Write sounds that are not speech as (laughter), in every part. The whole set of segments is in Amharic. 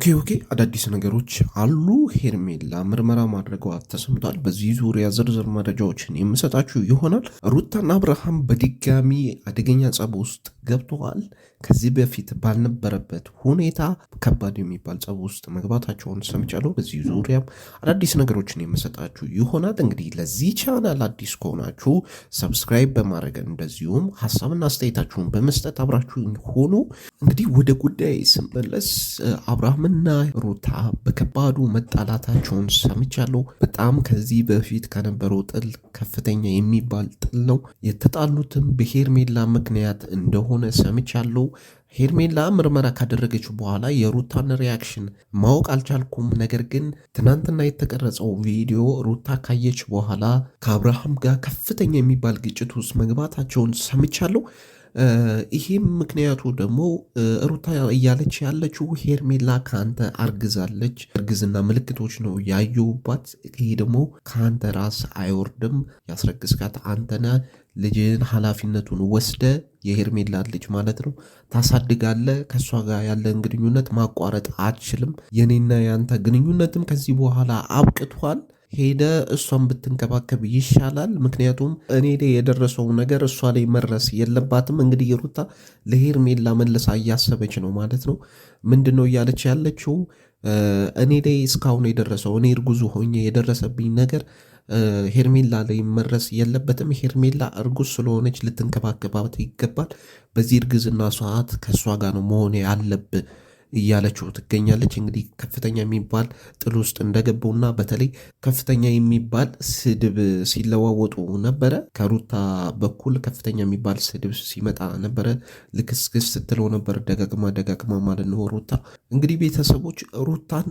ኦኬ ኦኬ አዳዲስ ነገሮች አሉ። ሄርሜላ ምርመራ ማድረገዋ ተሰምቷል። በዚህ ዙሪያ ዝርዝር መረጃዎችን የምሰጣችሁ ይሆናል። ሩታና አብርሃም በድጋሚ አደገኛ ጸብ ውስጥ ገብተዋል። ከዚህ በፊት ባልነበረበት ሁኔታ ከባድ የሚባል ጸብ ውስጥ መግባታቸውን ሰምቻለሁ። በዚህ ዙሪያም አዳዲስ ነገሮችን የምሰጣችሁ ይሆናል። እንግዲህ ለዚህ ቻናል አዲስ ከሆናችሁ ሰብስክራይብ በማድረግ እንደዚሁም ሀሳብና አስተያየታችሁን በመስጠት አብራችሁ ሆኑ። እንግዲህ ወደ ጉዳይ ስመለስ አብርሃምና ሩታ በከባዱ መጣላታቸውን ሰምቻለሁ። በጣም ከዚህ በፊት ከነበረው ጥል ከፍተኛ የሚባል ጥል ነው። የተጣሉትም በሄርሜላ ምክንያት እንደሆነ ሰምቻለሁ። ሄርሜላ ምርመራ ካደረገችው በኋላ የሩታን ሪያክሽን ማወቅ አልቻልኩም። ነገር ግን ትናንትና የተቀረጸው ቪዲዮ ሩታ ካየች በኋላ ከአብርሃም ጋር ከፍተኛ የሚባል ግጭት ውስጥ መግባታቸውን ሰምቻለሁ። ይሄም ምክንያቱ ደግሞ ሩታ እያለች ያለችው ሄርሜላ ከአንተ አርግዛለች፣ እርግዝና ምልክቶች ነው ያየሁባት። ይሄ ደግሞ ከአንተ ራስ አይወርድም፣ ያስረግዝካት አንተነ ልጅን ኃላፊነቱን ወስደ የሄርሜላን ልጅ ማለት ነው ታሳድጋለ። ከእሷ ጋር ያለን ግንኙነት ማቋረጥ አትችልም። የኔና የአንተ ግንኙነትም ከዚህ በኋላ አብቅቷል። ሄደ እሷን ብትንከባከብ ይሻላል። ምክንያቱም እኔ ላይ የደረሰው ነገር እሷ ላይ መድረስ የለባትም። እንግዲህ ሩታ ለሄርሜላ መልሳ እያሰበች ነው ማለት ነው። ምንድን ነው እያለች ያለችው? እኔ ላይ እስካሁን የደረሰው እኔ እርጉዙ ሆኜ የደረሰብኝ ነገር ሄርሜላ ላይ መድረስ የለበትም። ሄርሜላ እርጉዝ ስለሆነች ልትንከባከባት ይገባል። በዚህ እርግዝና ሰዓት ከእሷ ጋር ነው መሆን ያለብህ እያለችው ትገኛለች። እንግዲህ ከፍተኛ የሚባል ጥል ውስጥ እንደገቡና በተለይ ከፍተኛ የሚባል ስድብ ሲለዋወጡ ነበረ። ከሩታ በኩል ከፍተኛ የሚባል ስድብ ሲመጣ ነበረ። ልክስክስ ስትለው ነበር ደጋግማ ደጋግማ ማለት ነው። ሩታ እንግዲህ ቤተሰቦች ሩታን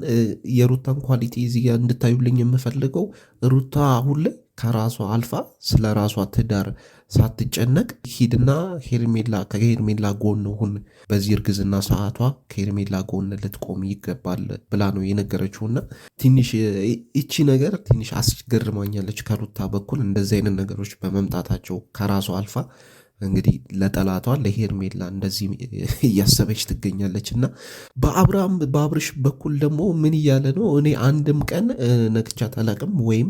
የሩታን ኳሊቲ እዚያ እንድታዩልኝ የምፈልገው ሩታ አሁን ላይ ከራሷ አልፋ ስለ ራሷ ትዳር ሳትጨነቅ ሂድና ሄርሜላ ከሄርሜላ ጎን ሁን፣ በዚህ እርግዝና ሰዓቷ ከሄርሜላ ጎን ልትቆም ይገባል ብላ ነው የነገረችውና ትንሽ እቺ ነገር ትንሽ አስገርማኛለች። ከሩታ በኩል እንደዚህ አይነት ነገሮች በመምጣታቸው ከራሷ አልፋ እንግዲህ ለጠላቷ ለሄርሜላ እንደዚህ እያሰበች ትገኛለች። እና በአብርሃም በአብርሽ በኩል ደግሞ ምን እያለ ነው? እኔ አንድም ቀን ነክቻት አላቅም፣ ወይም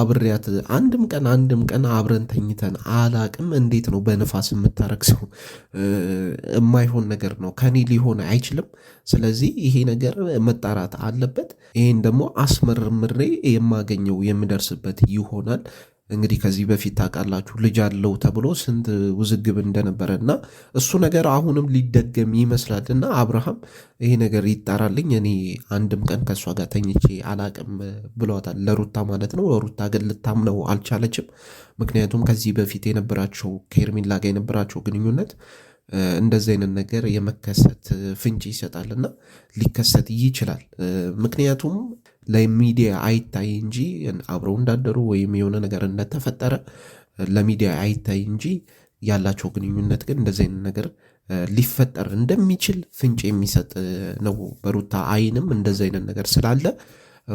አብሬያት አንድም ቀን አንድም ቀን አብረን ተኝተን አላቅም። እንዴት ነው በንፋስ የምታረግ ሲሆ የማይሆን ነገር ነው፣ ከኔ ሊሆን አይችልም። ስለዚህ ይሄ ነገር መጣራት አለበት። ይህን ደግሞ አስመርምሬ የማገኘው የምደርስበት ይሆናል። እንግዲህ ከዚህ በፊት ታውቃላችሁ ልጅ አለው ተብሎ ስንት ውዝግብ እንደነበረ እና እሱ ነገር አሁንም ሊደገም ይመስላል እና አብርሃም ይሄ ነገር ይጣራልኝ እኔ አንድም ቀን ከእሷ ጋር ተኝቼ አላቅም ብሏታል ለሩታ ማለት ነው። ሩታ ግን ልታምነው አልቻለችም። ምክንያቱም ከዚህ በፊት የነበራቸው ከኤርሚላ ጋር የነበራቸው ግንኙነት እንደዚህ አይነት ነገር የመከሰት ፍንጭ ይሰጣልና ሊከሰት ይችላል። ምክንያቱም ለሚዲያ አይታይ እንጂ አብረው እንዳደሩ ወይም የሆነ ነገር እንደተፈጠረ ለሚዲያ አይታይ እንጂ ያላቸው ግንኙነት ግን እንደዚህ አይነት ነገር ሊፈጠር እንደሚችል ፍንጭ የሚሰጥ ነው። በሩታ አይንም እንደዚህ አይነት ነገር ስላለ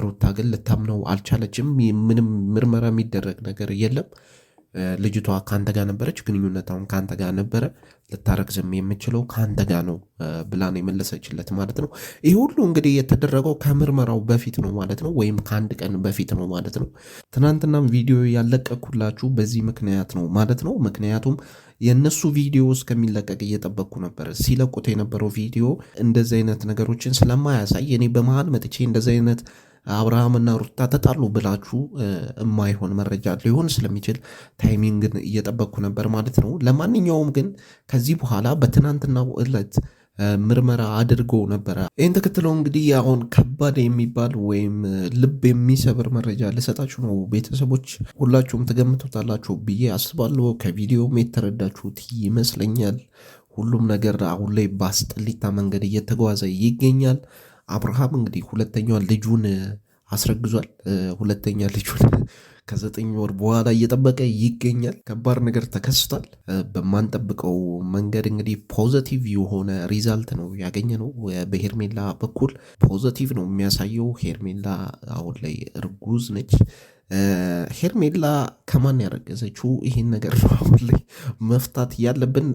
ሩታ ግን ልታምነው አልቻለችም። ምንም ምርመራ የሚደረግ ነገር የለም። ልጅቷ ከአንተ ጋር ነበረች፣ ግንኙነት ከአንተ ጋር ነበረ፣ ልታረግዝም የምችለው ከአንተ ጋር ነው ብላ ነው የመለሰችለት ማለት ነው። ይህ ሁሉ እንግዲህ የተደረገው ከምርመራው በፊት ነው ማለት ነው፣ ወይም ከአንድ ቀን በፊት ነው ማለት ነው። ትናንትናም ቪዲዮ ያለቀኩላችሁ በዚህ ምክንያት ነው ማለት ነው። ምክንያቱም የእነሱ ቪዲዮ እስከሚለቀቅ እየጠበቅኩ ነበር። ሲለቁት የነበረው ቪዲዮ እንደዚህ አይነት ነገሮችን ስለማያሳይ እኔ በመሃል መጥቼ እንደዚህ አይነት አብርሃምና ሩታ ተጣሉ ብላችሁ የማይሆን መረጃ ሊሆን ስለሚችል ታይሚንግን እየጠበቅኩ ነበር ማለት ነው። ለማንኛውም ግን ከዚህ በኋላ በትናንትናው ዕለት ምርመራ አድርጎ ነበረ። ይህን ተከትለው እንግዲህ አሁን ከባድ የሚባል ወይም ልብ የሚሰብር መረጃ ልሰጣችሁ ነው ቤተሰቦች። ሁላችሁም ትገምቱታላችሁ ብዬ አስባለሁ። ከቪዲዮም የተረዳችሁት ይመስለኛል። ሁሉም ነገር አሁን ላይ በአስጠሊታ መንገድ እየተጓዘ ይገኛል። አብርሃም እንግዲህ ሁለተኛዋን ልጁን አስረግዟል። ሁለተኛ ልጁን (laughs) ከዘጠኝ ወር በኋላ እየጠበቀ ይገኛል። ከባድ ነገር ተከስቷል። በማንጠብቀው መንገድ እንግዲህ ፖዘቲቭ የሆነ ሪዛልት ነው ያገኘ ነው። በሄርሜላ በኩል ፖዘቲቭ ነው የሚያሳየው። ሄርሜላ አሁን ላይ እርጉዝ ነች። ሄርሜላ ከማን ያረገዘችው? ይህን ነገር ነው አሁን ላይ መፍታት ያለብን።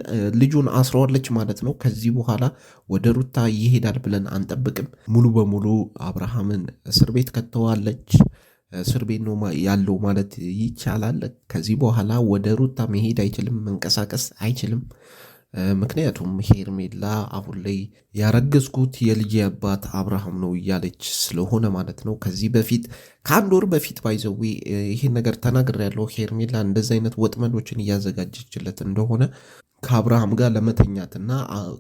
ልጁን አስረዋለች ማለት ነው። ከዚህ በኋላ ወደ ሩታ ይሄዳል ብለን አንጠብቅም። ሙሉ በሙሉ አብርሃምን እስር ቤት ከተዋለች። እስር ቤት ነው ያለው ማለት ይቻላል። ከዚህ በኋላ ወደ ሩታ መሄድ አይችልም፣ መንቀሳቀስ አይችልም። ምክንያቱም ሄርሜላ አሁን ላይ ያረገዝኩት የልጅ አባት አብርሃም ነው እያለች ስለሆነ ማለት ነው። ከዚህ በፊት ከአንድ ወር በፊት ባይዘዊ ይህን ነገር ተናግር ያለው ሄርሜላ እንደዚህ አይነት ወጥመዶችን እያዘጋጀችለት እንደሆነ ከአብርሃም ጋር ለመተኛትና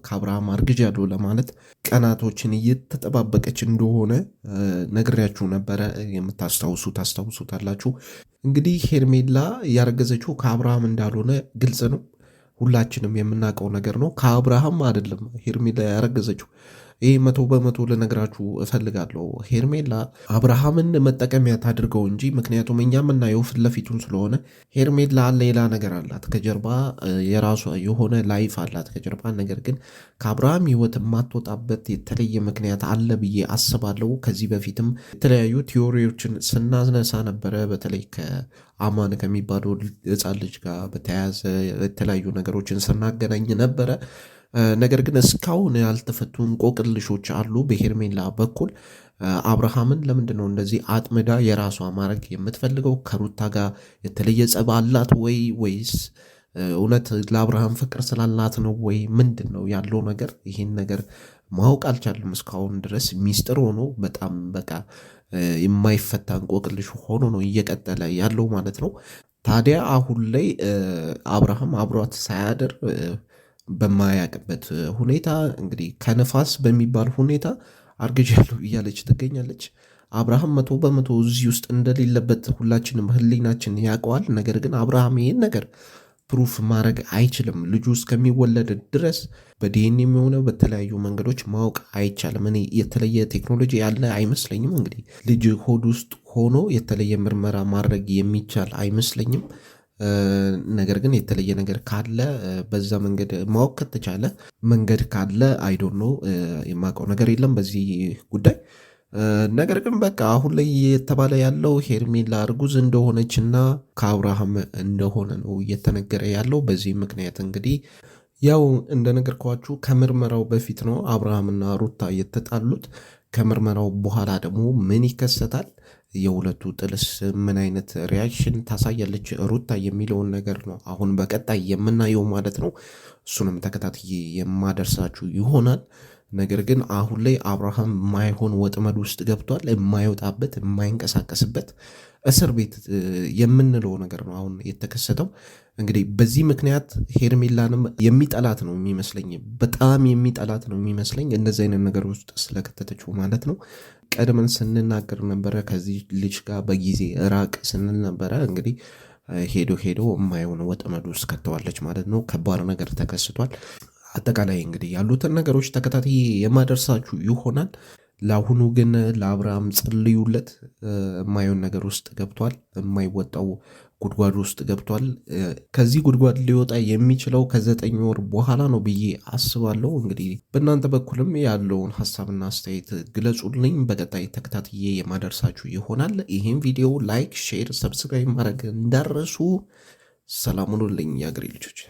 ከአብርሃም አርግዣለሁ ለማለት ቀናቶችን እየተጠባበቀች እንደሆነ ነግሬያችሁ ነበረ። የምታስታውሱ ታስታውሱታላችሁ። እንግዲህ ሄርሜላ ያረገዘችው ከአብርሃም እንዳልሆነ ግልጽ ነው። ሁላችንም የምናውቀው ነገር ነው። ከአብርሃም አይደለም ሄርሜላ ያረገዘችው ይህ መቶ በመቶ ልነግራችሁ እፈልጋለሁ። ሄርሜላ አብርሃምን መጠቀሚያ ታድርገው እንጂ ምክንያቱም እኛ የምናየው ፊት ለፊቱን ስለሆነ ሄርሜላ ሌላ ነገር አላት ከጀርባ የራሷ የሆነ ላይፍ አላት ከጀርባ። ነገር ግን ከአብርሃም ህይወት የማትወጣበት የተለየ ምክንያት አለ ብዬ አስባለሁ። ከዚህ በፊትም የተለያዩ ቲዎሪዎችን ስናነሳ ነበረ። በተለይ ከአማን ከሚባለው ሕፃን ልጅ ጋር በተያያዘ የተለያዩ ነገሮችን ስናገናኝ ነበረ። ነገር ግን እስካሁን ያልተፈቱ እንቆቅልሾች አሉ በሄርሜላ በኩል። አብርሃምን ለምንድን ነው እንደዚህ አጥምዳ የራሷ ማድረግ የምትፈልገው? ከሩታ ጋር የተለየ ጸብ አላት ወይ ወይስ እውነት ለአብርሃም ፍቅር ስላላት ነው ወይ? ምንድን ነው ያለው ነገር? ይህን ነገር ማወቅ አልቻለም እስካሁን ድረስ ሚስጥር ሆኖ በጣም በቃ የማይፈታ እንቆቅልሽ ሆኖ ነው እየቀጠለ ያለው ማለት ነው። ታዲያ አሁን ላይ አብርሃም አብሯት ሳያድር በማያቅበት ሁኔታ እንግዲህ ከነፋስ በሚባል ሁኔታ አርግዣለሁ እያለች ትገኛለች። አብርሃም መቶ በመቶ እዚህ ውስጥ እንደሌለበት ሁላችንም ህሊናችን ያውቀዋል። ነገር ግን አብርሃም ይህን ነገር ፕሩፍ ማድረግ አይችልም። ልጁ እስከሚወለድ ድረስ በዲን የሆነ በተለያዩ መንገዶች ማወቅ አይቻልም። እኔ የተለየ ቴክኖሎጂ ያለ አይመስለኝም። እንግዲህ ልጅ ሆድ ውስጥ ሆኖ የተለየ ምርመራ ማድረግ የሚቻል አይመስለኝም። ነገር ግን የተለየ ነገር ካለ በዛ መንገድ ማወቅ ከተቻለ መንገድ ካለ አይዶን ነው የማውቀው ነገር የለም በዚህ ጉዳይ። ነገር ግን በቃ አሁን ላይ እየተባለ ያለው ሄርሜላ እርጉዝ እንደሆነች እና ከአብርሃም እንደሆነ ነው እየተነገረ ያለው። በዚህ ምክንያት እንግዲህ ያው እንደነገርኳችሁ ከምርመራው በፊት ነው አብርሃምና ሩታ የተጣሉት። ከምርመራው በኋላ ደግሞ ምን ይከሰታል? የሁለቱ ጥልስ ምን አይነት ሪያክሽን ታሳያለች ሩታ የሚለውን ነገር ነው አሁን በቀጣይ የምናየው ማለት ነው። እሱንም ተከታትዬ የማደርሳችሁ ይሆናል። ነገር ግን አሁን ላይ አብርሃም ማይሆን ወጥመድ ውስጥ ገብቷል። የማይወጣበት የማይንቀሳቀስበት እስር ቤት የምንለው ነገር ነው አሁን የተከሰተው። እንግዲህ በዚህ ምክንያት ሄርሜላንም የሚጠላት ነው የሚመስለኝ፣ በጣም የሚጠላት ነው የሚመስለኝ እንደዚህ አይነት ነገር ውስጥ ስለከተተችው ማለት ነው። ቀድመን ስንናገር ነበረ ከዚህ ልጅ ጋር በጊዜ ራቅ ስንል ነበረ። እንግዲህ ሄዶ ሄዶ የማይሆን ወጥመድ ውስጥ ከተዋለች ማለት ነው። ከባድ ነገር ተከስቷል። አጠቃላይ እንግዲህ ያሉትን ነገሮች ተከታታይ የማደርሳችሁ ይሆናል። ለአሁኑ ግን ለአብርሃም ጸልዩለት። የማየውን ነገር ውስጥ ገብቷል። የማይወጣው ጉድጓድ ውስጥ ገብቷል። ከዚህ ጉድጓድ ሊወጣ የሚችለው ከዘጠኝ ወር በኋላ ነው ብዬ አስባለሁ። እንግዲህ በእናንተ በኩልም ያለውን ሀሳብና አስተያየት ግለጹልኝ። በቀጣይ ተከታትዬ የማደርሳችሁ ይሆናል። ይህም ቪዲዮ ላይክ፣ ሼር፣ ሰብስክራይብ ማድረግ እንዳረሱ። ሰላም ሁኑልኝ የአገሬ ልጆች።